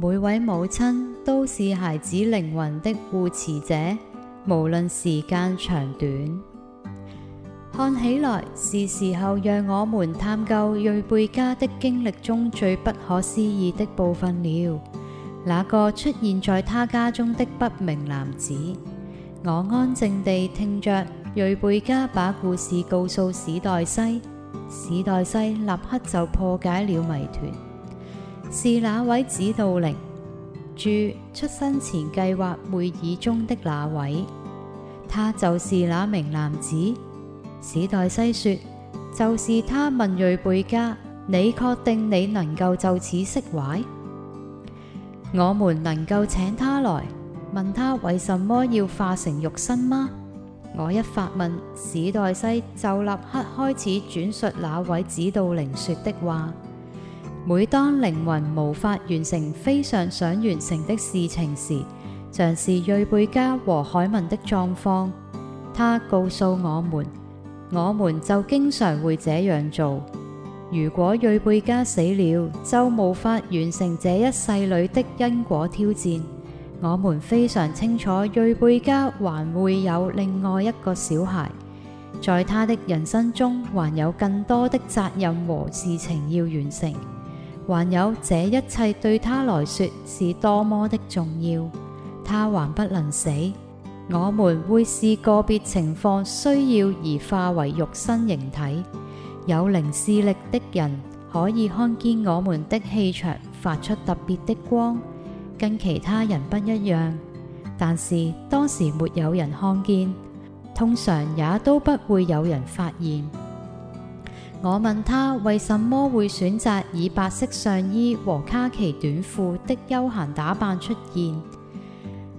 每位母親都是孩子靈魂的護持者，無論時間長短。看起來是時候讓我們探究瑞貝加的經歷中最不可思議的部分了。那個出現在他家中的不明男子。我安靜地聽着瑞貝加把故事告訴史黛西，史黛西立刻就破解了謎團。是那位指導靈？住出生前計劃會議中的那位，他就是那名男子。史黛西說，就是他問瑞貝加：你確定你能夠就此釋懷？我們能夠請他來問他為什麼要化成肉身嗎？我一發問，史黛西就立刻開始轉述那位指導靈說的話。每當靈魂無法完成非常想完成的事情時，像是瑞貝加和海文的狀況，他告訴我們，我們就經常會這樣做。如果瑞貝加死了，就無法完成這一世裏的因果挑戰。我們非常清楚，瑞貝加還會有另外一個小孩，在他的人生中還有更多的責任和事情要完成。還有這一切對他來說是多麼的重要，他還不能死。我們會視個別情況需要而化為肉身形體。有靈視力的人可以看見我們的氣場發出特別的光，跟其他人不一樣。但是當時沒有人看見，通常也都不會有人發現。我問他為什麼會選擇以白色上衣和卡其短褲的休閒打扮出現，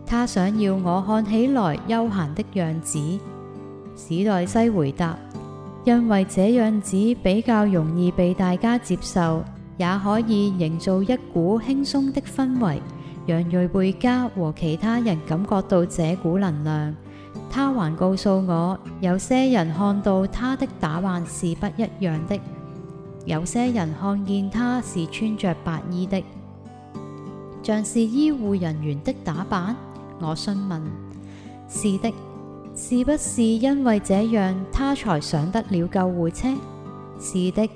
他想要我看起來休閒的樣子。史黛西回答：因為這樣子比較容易被大家接受，也可以營造一股輕鬆的氛圍，讓瑞貝加和其他人感覺到這股能量。他還告訴我，有些人看到他的打扮是不一樣的，有些人看見他是穿著白衣的，像是醫護人員的打扮。我詢問：是的，是不是因為這樣他才上得了救護車？是的，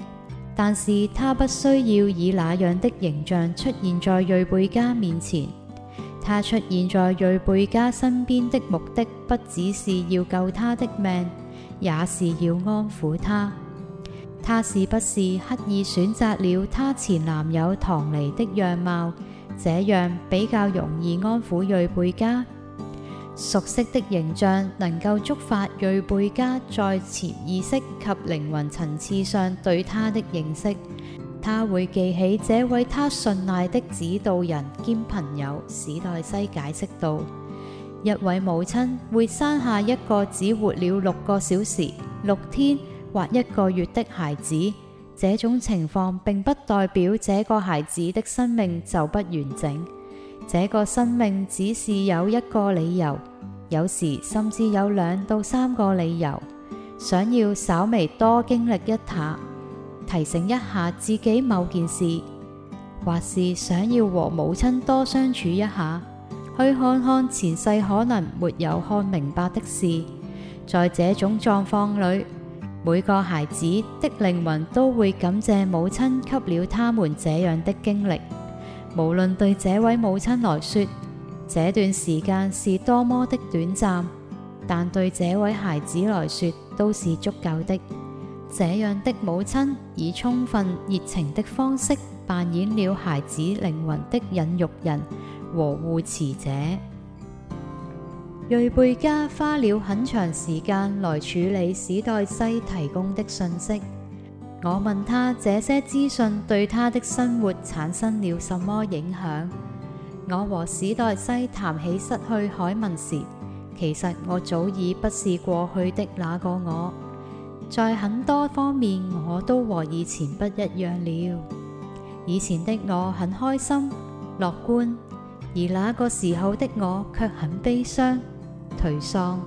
但是他不需要以那樣的形象出現在瑞貝加面前。他出現在瑞貝加身邊的目的不只是要救他的命，也是要安撫他。他是不是刻意選擇了他前男友唐尼的樣貌，這樣比較容易安撫瑞貝加？熟悉的形象能夠觸發瑞貝加在潛意識及靈魂層次上對他的認識。他會記起這位他信賴的指導人兼朋友。史黛西解釋道：一位母親會生下一個只活了六個小時、六天或一個月的孩子，這種情況並不代表這個孩子的生命就不完整。這個生命只是有一個理由，有時甚至有兩到三個理由，想要稍微多經歷一下。提醒一下自己某件事，或是想要和母親多相處一下，去看看前世可能沒有看明白的事。在這種狀況裏，每個孩子的靈魂都會感謝母親給了他們這樣的經歷。無論對這位母親來說，這段時間是多麼的短暫，但對這位孩子來說都是足夠的。這樣的母親以充分熱情的方式扮演了孩子靈魂的引育人和護持者。瑞貝加花了很長時間來處理史黛西提供的信息。我問她這些資訊對她的生活產生了什麼影響。我和史黛西談起失去海文時，其實我早已不是過去的那個我。在很多方面，我都和以前不一樣了。以前的我很開心、樂觀，而那個時候的我卻很悲傷、頹喪，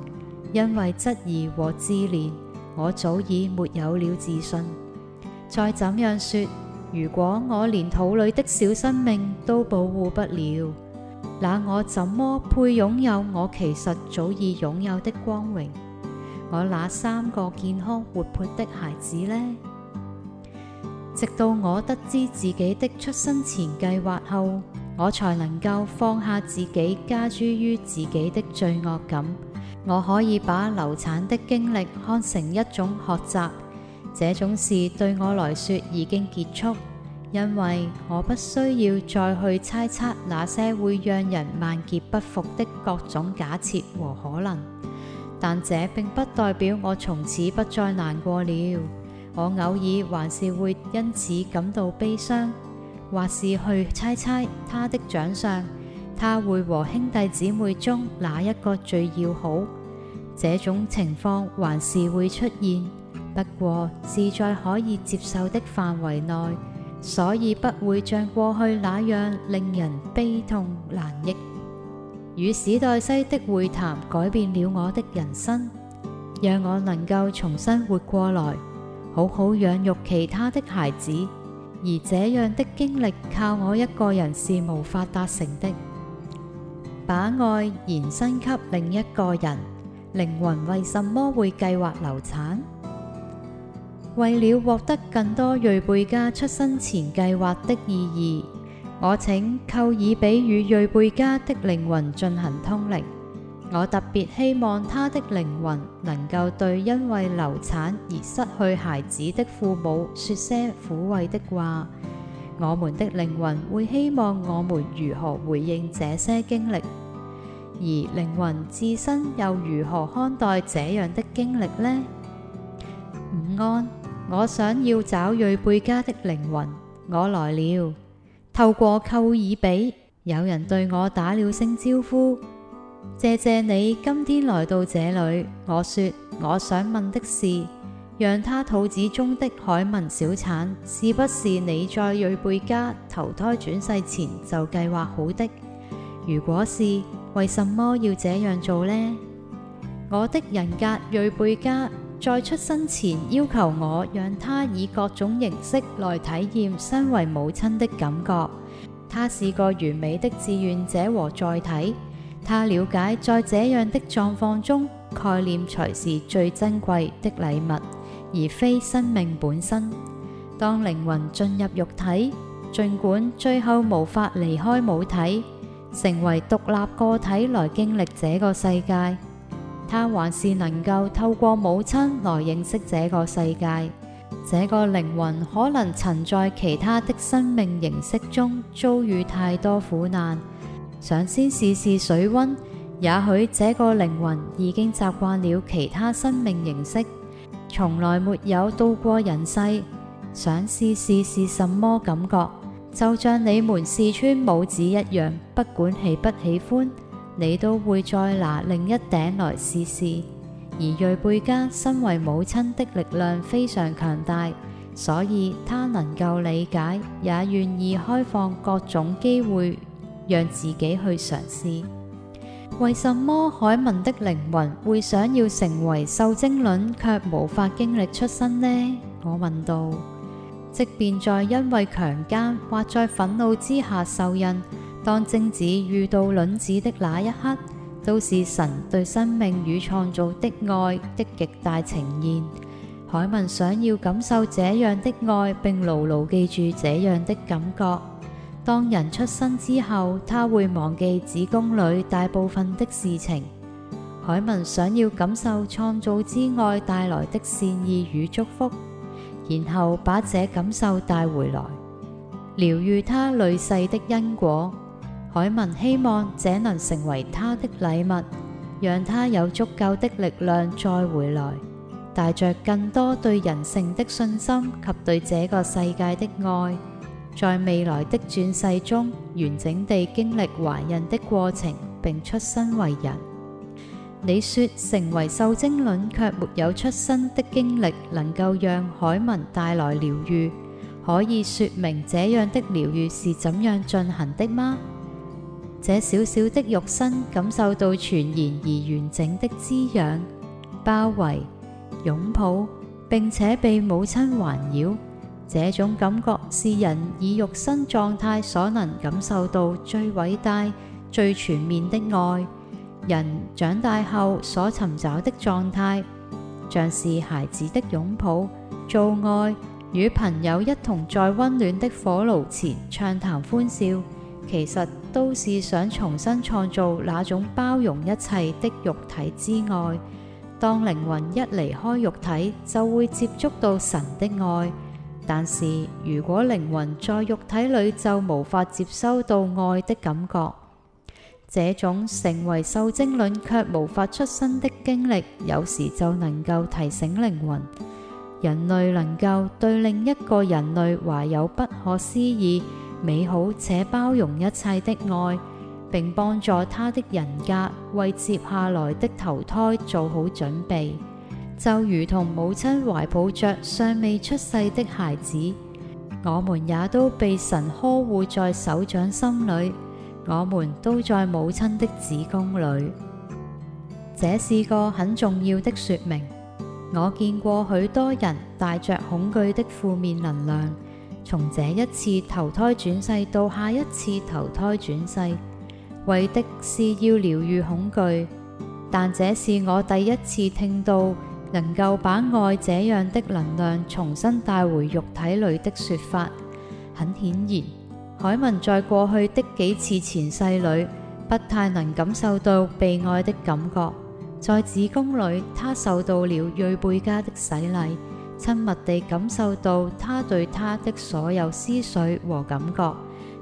因為質疑和自憐，我早已沒有了自信。再怎樣說，如果我連肚裏的小生命都保護不了，那我怎麼配擁有我其實早已擁有的光榮？我那三個健康活潑的孩子呢？直到我得知自己的出生前計劃後，我才能夠放下自己加諸於自己的罪惡感。我可以把流產的經歷看成一種學習，這種事對我來說已經結束，因為我不需要再去猜測那些會讓人萬劫不復的各種假設和可能。但這並不代表我從此不再難過了。我偶爾還是會因此感到悲傷，或是去猜猜他的長相，他會和兄弟姊妹中哪一個最要好。這種情況還是會出現，不過是在可以接受的範圍內，所以不會像過去那樣令人悲痛難抑。與史代西的會談改變了我的人生，讓我能夠重新活過來，好好養育其他的孩子。而這樣的經歷靠我一個人是無法達成的。把愛延伸給另一個人，靈魂為什麼會計劃流產？為了獲得更多瑞貝卡出生前計劃的意義。我請寇爾比與瑞貝加的靈魂進行通靈。我特別希望他的靈魂能夠對因為流產而失去孩子的父母說些撫慰的話。我們的靈魂會希望我們如何回應這些經歷，而靈魂自身又如何看待這樣的經歷呢？午安，我想要找瑞貝加的靈魂，我來了。透過扣耳比，有人對我打了聲招呼。謝謝你今天來到這裏。我說，我想問的是，讓他肚子中的海文小產，是不是你在瑞貝加投胎轉世前就計劃好的？如果是，為什麼要這樣做呢？我的人格，瑞貝加。在出生前要求我，讓他以各種形式來體驗身為母親的感覺。他是個完美的志願者和載體。他了解在這樣的狀況中，概念才是最珍貴的禮物，而非生命本身。當靈魂進入肉體，儘管最後無法離開母體，成為獨立個體來經歷這個世界。他還是能夠透過母親來認識這個世界。這個靈魂可能曾在其他的生命形式中遭遇太多苦難，想先試試水溫。也許這個靈魂已經習慣了其他生命形式，從來沒有到過人世，想試試是什麼感覺。就像你們試穿帽子一樣，不管喜不喜歡。你都會再拿另一頂來試試，而瑞貝加身為母親的力量非常強大，所以她能夠理解，也願意開放各種機會讓自己去嘗試。為什麼海文的靈魂會想要成為受精卵，卻無法經歷出生呢？我問道。即便在因為強姦或在憤怒之下受孕。當精子遇到卵子的那一刻，都是神對生命與創造的愛的極大呈現。海文想要感受這樣的愛，並牢牢記住這樣的感覺。當人出生之後，他會忘記子宮裏大部分的事情。海文想要感受創造之愛帶來的善意與祝福，然後把這感受帶回來，療癒他累世的因果。海文希望這能成為他的禮物，讓他有足夠的力量再回來，帶着更多對人性的信心及對這個世界的愛，在未來的轉世中完整地經歷懷孕的過程，並出生為人。你說成為受精卵却沒有出生的經歷，能夠讓海文帶來療癒，可以說明這樣的療癒是怎樣進行的嗎？這小小的肉身感受到全然而完整的滋養、包圍、擁抱，並且被母親環繞，這種感覺是人以肉身狀態所能感受到最偉大、最全面的愛。人長大後所尋找的狀態，像是孩子的擁抱、做愛，與朋友一同在溫暖的火爐前暢談歡笑。其實都是想重新創造那種包容一切的肉體之愛。當靈魂一離開肉體，就會接觸到神的愛。但是如果靈魂在肉體裏，就無法接收到愛的感覺。這種成為受精卵卻無法出生的經歷，有時就能夠提醒靈魂，人類能夠對另一個人類懷有不可思議、美好且包容一切的愛，並幫助他的人格為接下來的投胎做好準備，就如同母親懷抱着尚未出世的孩子，我們也都被神呵護在手掌心裏，我們都在母親的子宮裏。這是個很重要的說明。我見過許多人帶着恐懼的負面能量。從這一次投胎轉世到下一次投胎轉世，為的是要療愈恐懼。但這是我第一次聽到能夠把愛這樣的能量重新帶回肉體裏的說法。很顯然，海文在過去的幾次前世裏，不太能感受到被愛的感覺。在子宮裏，他受到了瑞貝卡的洗禮。親密地感受到他對他的所有思緒和感覺，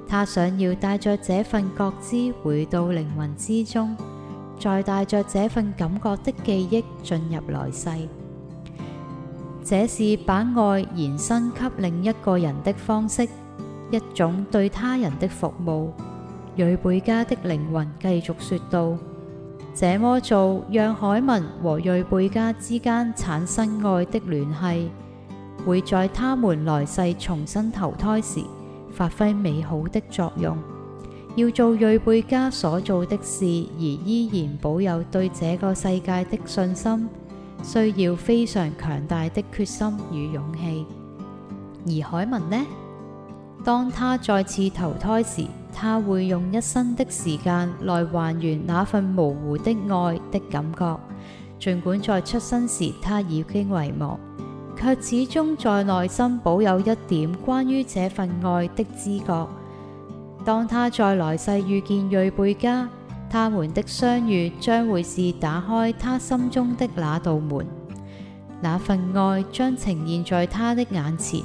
他想要帶着這份覺知回到靈魂之中，再帶着這份感覺的記憶進入來世。這是把愛延伸給另一個人的方式，一種對他人的服務。瑞貝加的靈魂繼續說道。這麼做，讓海文和瑞貝加之間產生愛的聯繫，會在他們來世重新投胎時發揮美好的作用。要做瑞貝加所做的事，而依然保有對這個世界的信心，需要非常強大的決心與勇氣。而海文呢？當他再次投胎時。他會用一生的時間來還原那份模糊的愛的感覺，盡管在出生時他已經遺忘，卻始終在內心保有一點關於這份愛的知覺。當他在來世遇見瑞貝加，他們的相遇將會是打開他心中的那道門，那份愛將呈現在他的眼前。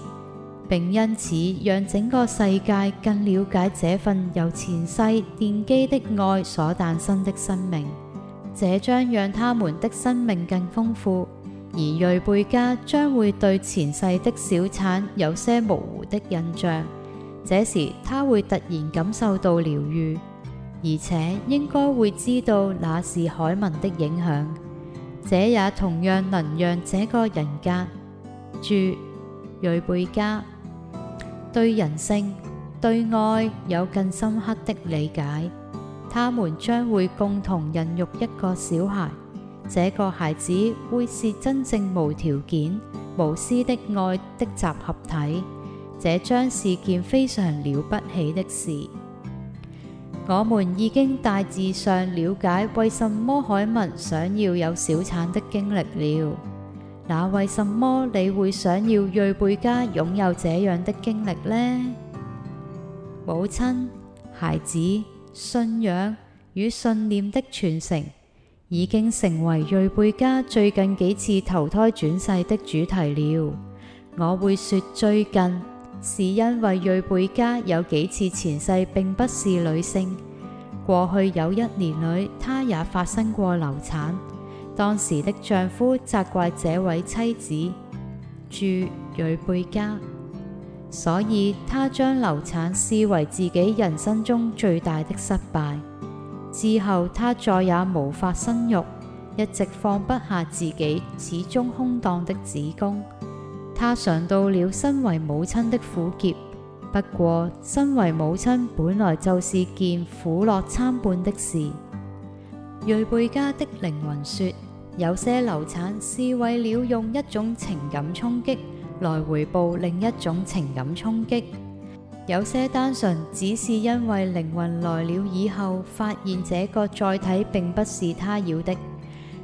並因此讓整個世界更了解這份由前世奠基的愛所誕生的生命，這將讓他們的生命更豐富。而瑞貝加將會對前世的小產有些模糊的印象，這時他會突然感受到療癒，而且應該會知道那是海文的影響。這也同樣能讓這個人格住瑞貝加。對人性、對愛有更深刻的理解，他們將會共同孕育一個小孩，這個孩子會是真正無條件、無私的愛的集合體。這將是件非常了不起的事。我們已經大致上了解為什麼海文想要有小產的經歷了。那為什麼你會想要瑞貝加擁有這樣的經歷呢？母親、孩子、信仰與信念的傳承，已經成為瑞貝加最近幾次投胎轉世的主題了。我會說最近，是因為瑞貝加有幾次前世並不是女性。過去有一年裡，她也發生過流產。當時的丈夫責怪這位妻子住瑞貝加，所以她將流產視為自己人生中最大的失敗。之後她再也無法生育，一直放不下自己始終空蕩的子宮。她嘗到了身為母親的苦澀，不過身為母親本來就是件苦樂參半的事。瑞貝加的靈魂說，有些流產是為了用一種情感沖擊來回報另一種情感沖擊。有些單純只是因為靈魂來了以後，發現這個載體並不是他要的。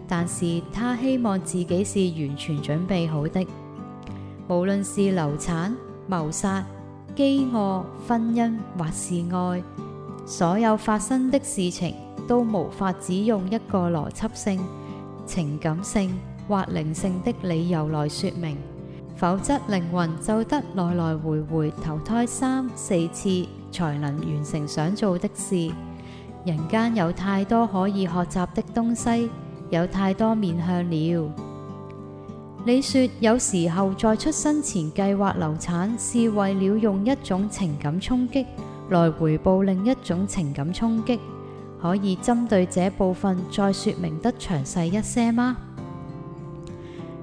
但是他希望自己是完全準備好的。無論是流產、謀殺、飢餓、婚姻，或是愛，所有發生的事情。都無法只用一個邏輯性、情感性或靈性的理由來說明，否則靈魂就得來來回回投胎三四次才能完成想做的事。人間有太多可以學習的東西，有太多面向了。你說，有時候在出生前計劃流產，是為了用一種情感衝擊來回報另一種情感衝擊。可以針對這部分再説明得詳細一些嗎？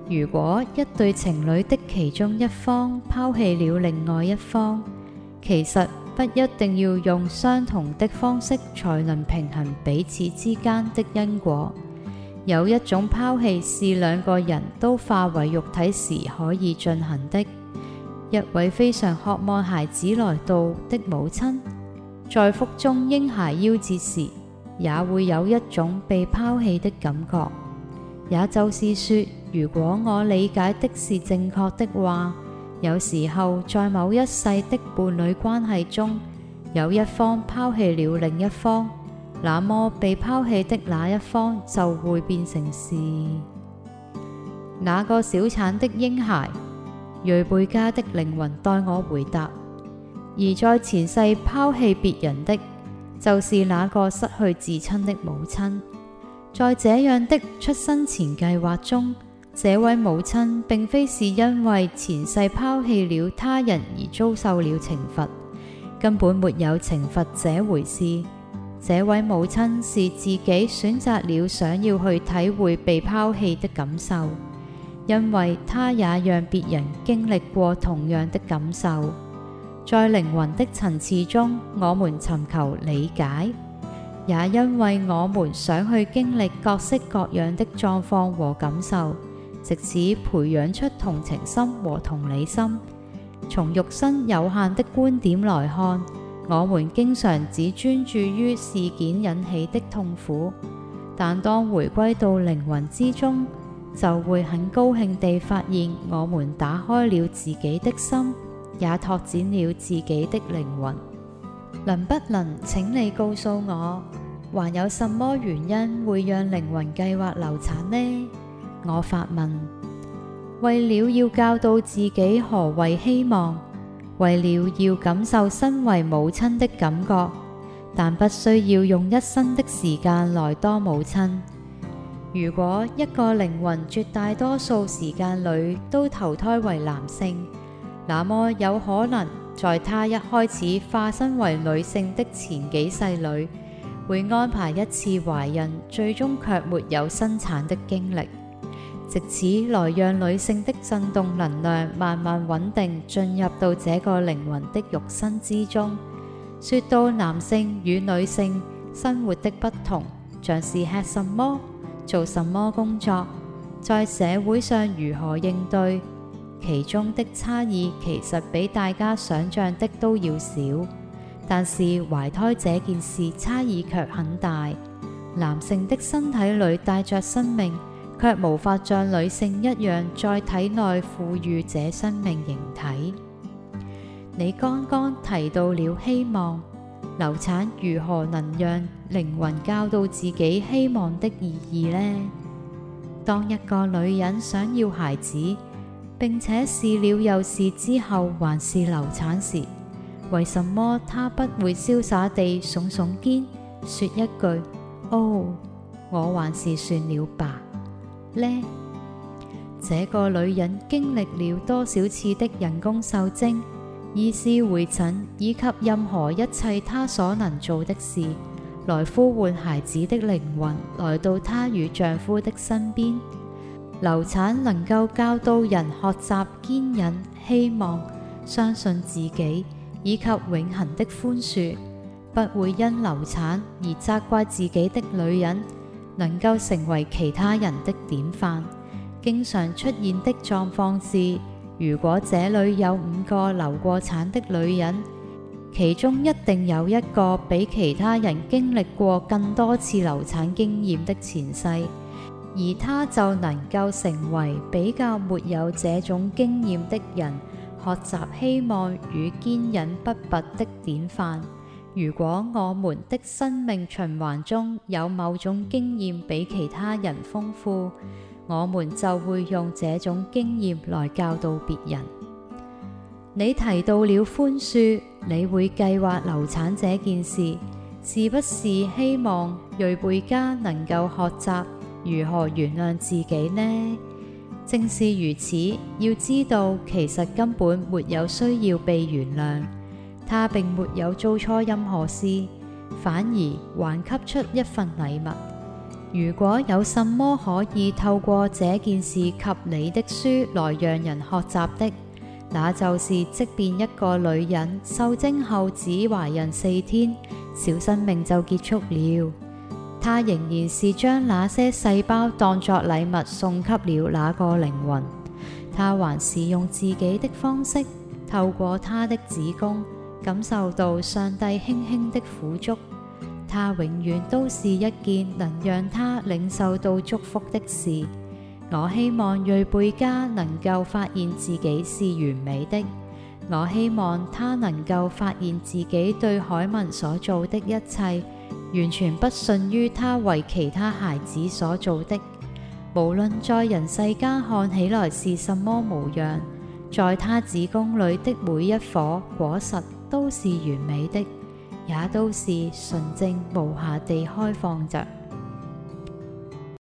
如果一對情侶的其中一方拋棄了另外一方，其實不一定要用相同的方式才能平衡彼此之間的因果。有一種拋棄是兩個人都化為肉體時可以進行的。一位非常渴望孩子來到的母親，在腹中嬰孩夭折時，也會有一種被拋棄的感覺，也就是說，如果我理解的是正確的話，有時候在某一世的伴侶關係中，有一方拋棄了另一方，那麼被拋棄的那一方就會變成是那個小產的嬰孩。瑞貝卡的靈魂代我回答，而在前世拋棄別人的。就是那個失去至親的母親，在這樣的出生前計劃中，這位母親並非是因為前世拋棄了他人而遭受了懲罰，根本沒有懲罰這回事。這位母親是自己選擇了想要去體會被拋棄的感受，因為她也讓別人經歷過同樣的感受。在靈魂的層次中，我們尋求理解，也因為我們想去經歷各式各樣的狀況和感受，直至培養出同情心和同理心。從肉身有限的觀點來看，我們經常只專注於事件引起的痛苦，但當回歸到靈魂之中，就會很高興地發現，我們打開了自己的心。也拓展了自己的靈魂。能不能請你告訴我，還有什麼原因會讓靈魂計劃流產呢？我發問。為了要教導自己何為希望，為了要感受身為母親的感覺，但不需要用一生的時間來當母親。如果一個靈魂絕大多數時間裏都投胎為男性，那麼有可能在他一開始化身為女性的前幾世裏，會安排一次懷孕，最終卻沒有生產的經歷，借此來讓女性的震動能量慢慢穩定進入到這個靈魂的肉身之中。說到男性與女性生活的不同，像是吃什麼、做什麼工作，在社會上如何應對。其中的差異其實比大家想象的都要少，但是懷胎這件事差異卻很大。男性的身體裏帶着生命，卻無法像女性一樣在體內賦予這生命形體。你剛剛提到了希望，流產如何能讓靈魂教導自己希望的意義呢？當一個女人想要孩子。並且試了又試之後，還是流產時，為什麼她不會瀟灑地聳聳肩，說一句“哦，oh，我還是算了吧”呢？這個女人經歷了多少次的人工受精、醫師會診以及任何一切她所能做的事，來呼喚孩子的靈魂來到她與丈夫的身邊？流產能夠教導人學習堅忍、希望、相信自己，以及永恆的寬恕。不會因流產而責怪自己的女人，能夠成為其他人的典範。經常出現的狀況是：如果這裡有五個流過產的女人，其中一定有一個比其他人經歷過更多次流產經驗的前世。而他就能夠成為比較沒有這種經驗的人，學習希望與堅忍不拔的典範。如果我們的生命循環中有某種經驗比其他人豐富，我們就會用這種經驗來教導別人。你提到了寬恕，你會計劃流產這件事，是不是希望瑞貝加能夠學習？如何原諒自己呢？正是如此，要知道其實根本沒有需要被原諒，他並沒有做錯任何事，反而還給出一份禮物。如果有什麼可以透過這件事及你的書來讓人學習的，那就是即便一個女人受精後只懷孕四天，小生命就結束了。他仍然是將那些細胞當作禮物送給了那個靈魂。他還是用自己的方式透過他的子宮感受到上帝輕輕的撫觸。他永遠都是一件能讓他領受到祝福的事。我希望瑞貝加能夠發現自己是完美的。我希望他能夠發現自己對海文所做的一切。完全不遜於他為其他孩子所做的。無論在人世間看起來是什麼模樣，在他子宮裏的每一顆果實都是完美的，也都是純正無瑕地開放着。